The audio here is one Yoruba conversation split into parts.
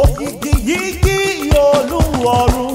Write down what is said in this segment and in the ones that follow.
òkìkí yìí kí olúwọ̀run.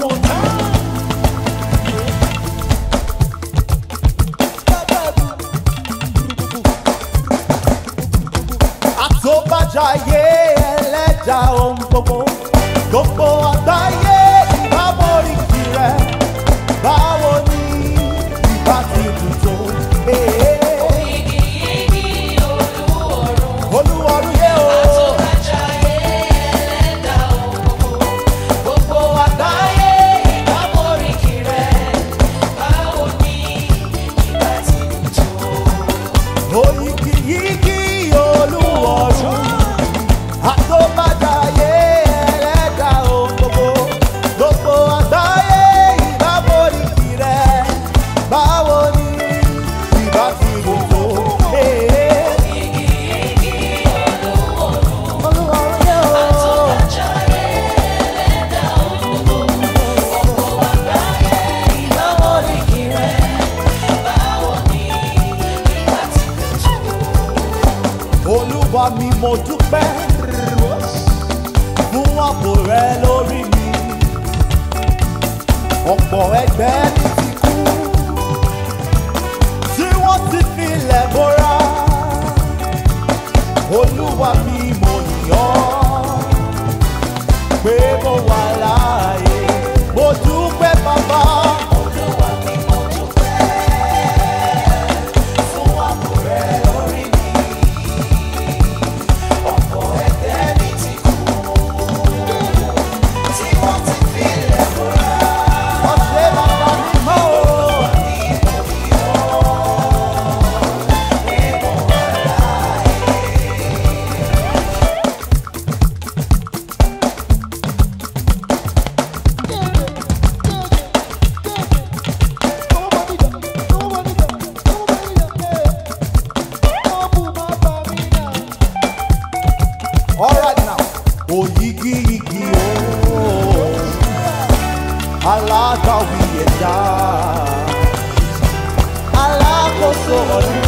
Yeah. o igi igi o alátàwí ẹ̀dá alákòóso ọdún.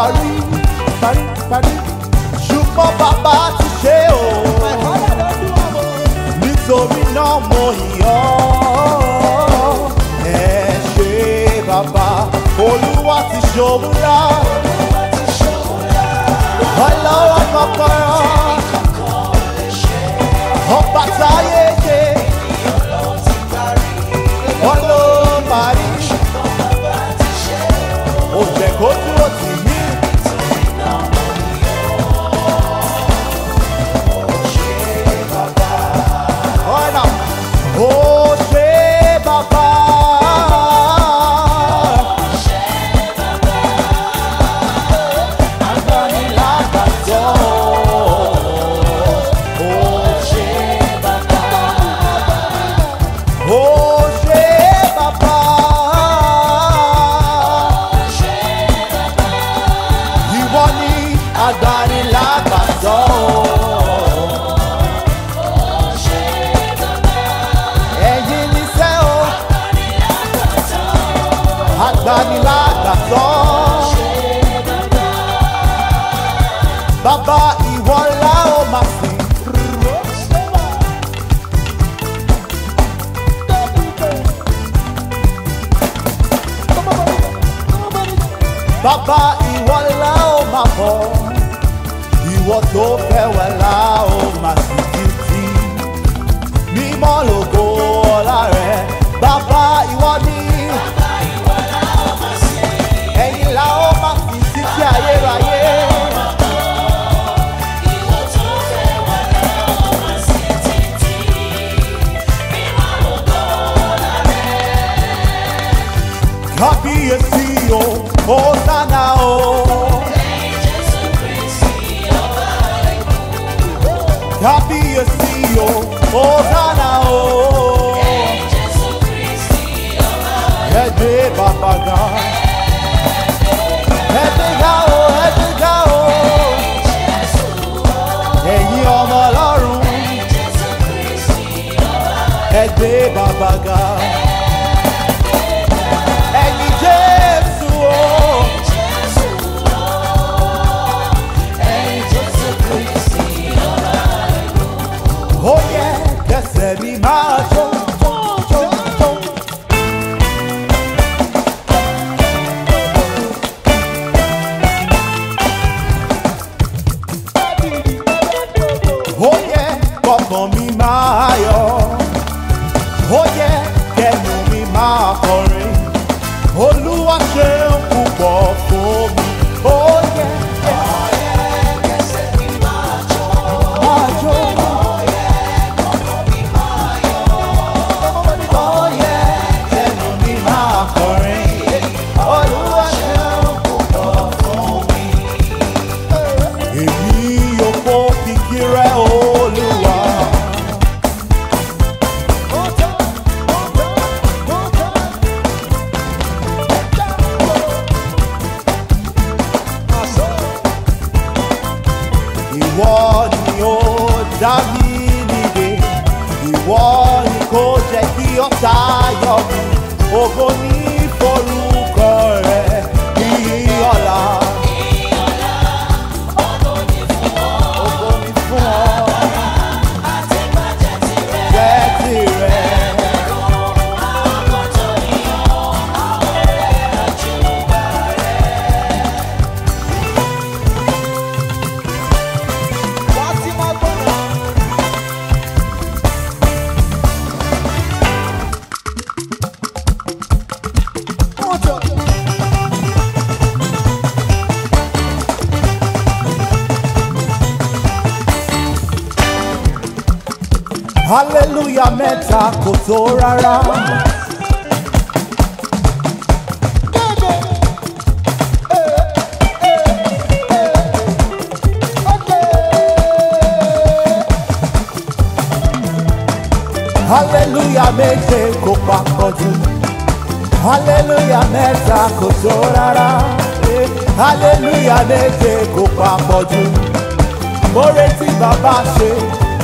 parí parí parí ṣùgbọ́n bàbá ti ṣe o nítorí náà mo yìn ọ́ ẹ ṣe bàbá olúwa ti ṣòwúrà ọlọ́wọ́ kọ́kọ́rọ́ ọba táyé. ìgbanilágbàsọ́. Bàbá ìwọ ńlá ó máa sìn. Bàbá ẹ gbé bàbá ga. Hey! He ni ó dá mi nìde ìwọ kò jẹ́ kí ọ̀tá yọ̀ mí ògo ni. Hallelujah, mẹ́ta kò tó rárá. aleluya méje kò papọ̀ jù Hallelujah, mẹ́ta kò tó rárá aleluya méje kò papọ̀ jù mo retí bàbá ṣe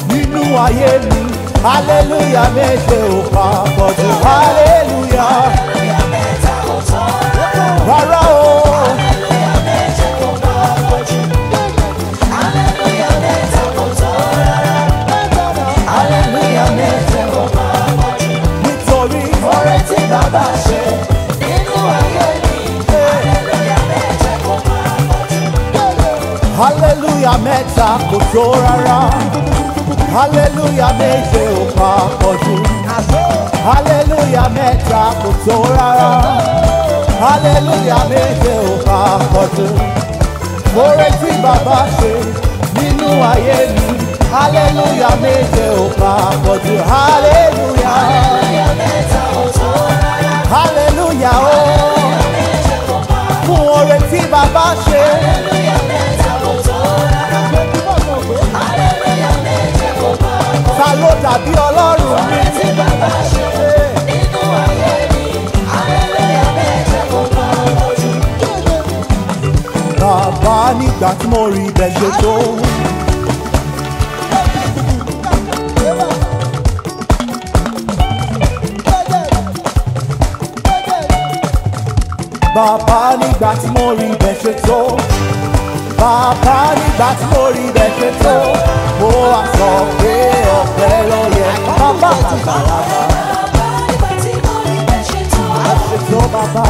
nínú ayé mi hallelujah méje ò pa pọ̀ jù hallelujah. rárá o. nítorí ọrẹ tí bàbá ṣe nínú ayé mi hallelujah méje kò máa pọ̀ jù. hallelujah mẹ́ta kò tó rárá hallelujah méje ò pa pọ̀ jù hallelujah mẹ́ta kò tó rárá hallelujah méje ò pa pọ̀ jù mo retí bàbá ṣe nínú ayé mi hallelujah méje ò pa pọ̀ hallelujah mẹ́ta kò tó rárá hallelujah ó oh. fún oore tí bàbá ṣe. ta ló dàbí ọlọ́run mi. ọ̀rẹ́ tí bàbá ṣe nínú bàbá nígbà tí mo rí ibẹ̀ ṣe tó. bàbá nígbà tí mo rí ibẹ̀ ṣe tó bàbá nígbà tí mo rí bẹ́ẹ̀ ṣe tó mo wá sọ pé ọ̀pẹ ló yẹ bàbá àgbàlagbà. bàbá nígbà tí mo rí bẹ́ẹ̀ ṣe tó. àṣetò bàbá.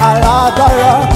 alágbára.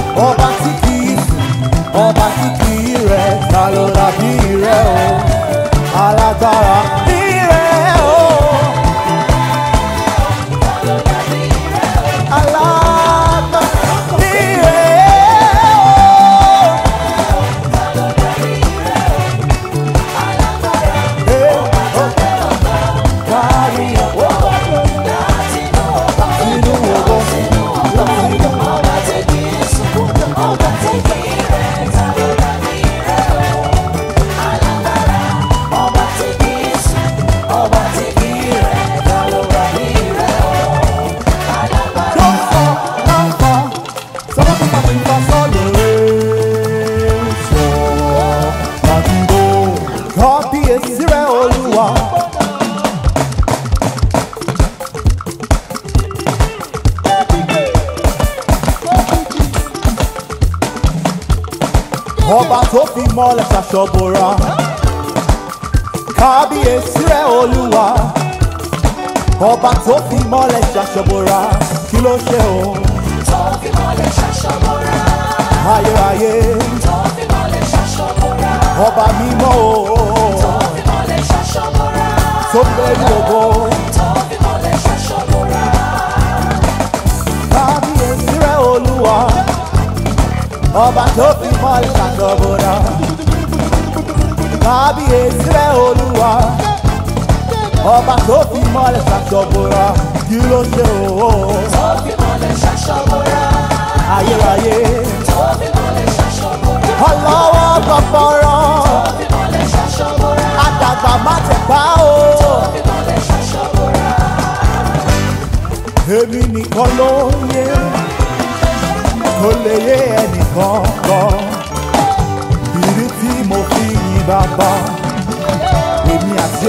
ọba tó fi mọ́lẹ̀ ṣaṣọ́bọ̀ra kí ló ṣe o. tó fi mọ́lẹ̀ ṣaṣọ́bọ̀ra. ayérayé. tó fi mọ́lẹ̀ ṣaṣọ́bọ̀ra. ọba mímọ́ o. tó fi mọ́lẹ̀ ṣaṣọ́bọ̀ra. tó ń bẹ́ẹ̀ ní ògo. tó fi mọ́lẹ̀ ṣaṣọ́bọ̀ra. kábíyèsí rẹ̀ olúwa ọba tó fi mọ́lẹ̀ ṣaṣọ́bọ̀ra. kábíyèsí rẹ̀ olúwa ọba tó fi mọ́lẹ̀ ṣàṣọ̀bọ̀ra kí ló ṣe òwò. tó fi mọ́lẹ̀ ṣàṣọ̀bọ̀ra.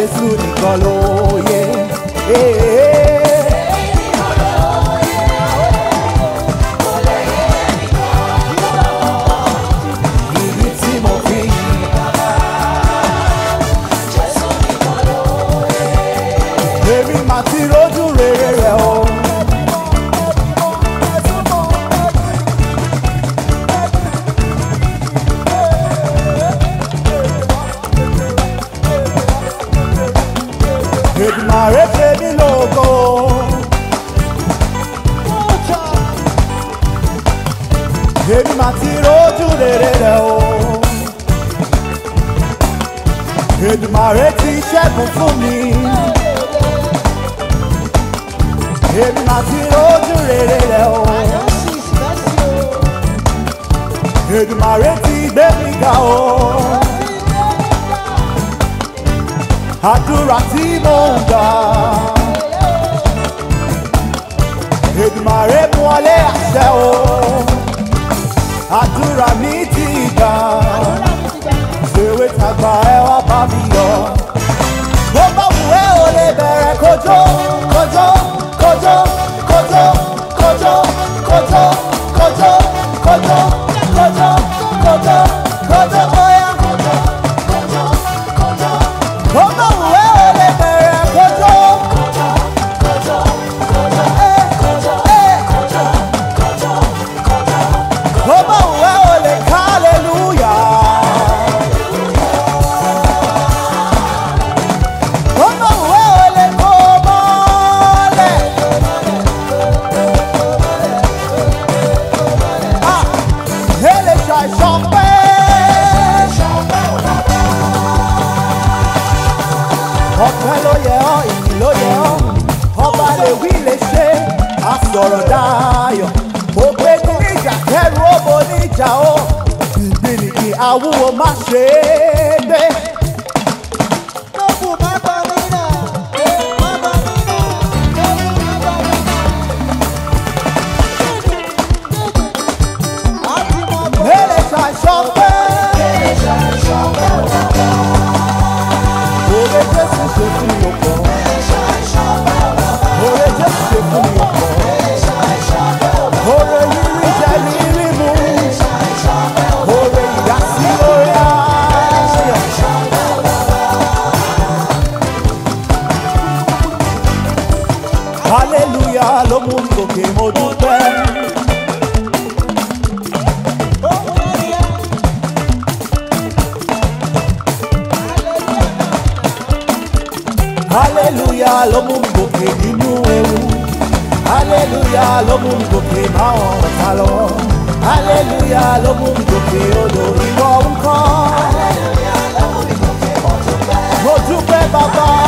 Jésù nìkan ló yẹ. Ìdí tí mo fi yìn bàbá Jésù nìkan ló yẹ. Èmi màá ti rò. èmi máa ti rójú rere rẹ o. Èdùmàrè ti gbé mi ga o. Àdúrà tí mo ń gbà. Èdùmàrè mú ọlé àṣẹ o. Àdúrà mi ti gbà. Ṣèwé tàgbà ẹ wá bá mi yọ. sọ̀rọ̀ dayọ̀ mo gbé ní ìjà kẹrù ó mo ní ìjà ó ìgbìnìkì àwúwo má ṣe é. hallelujah ló mú mi gòkè odò ìwọ ń kọ́. hallelujah ló mú mi gòkè mo dúpẹ́ bàbá.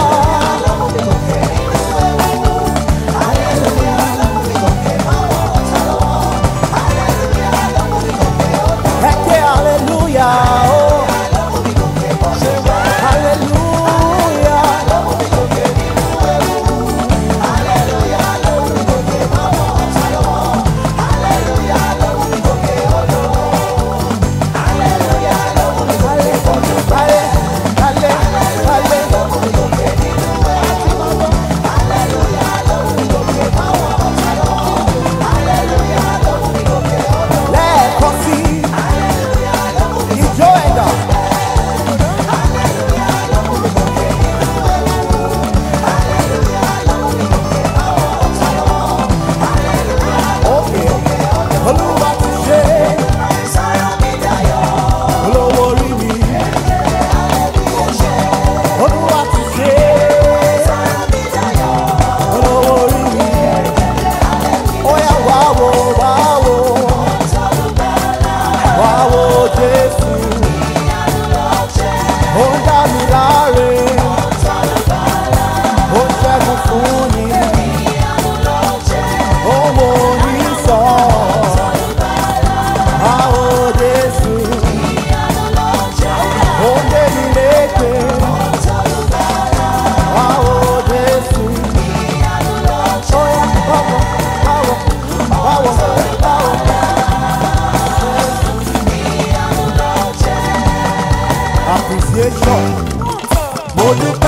nation. mo dúpẹ́.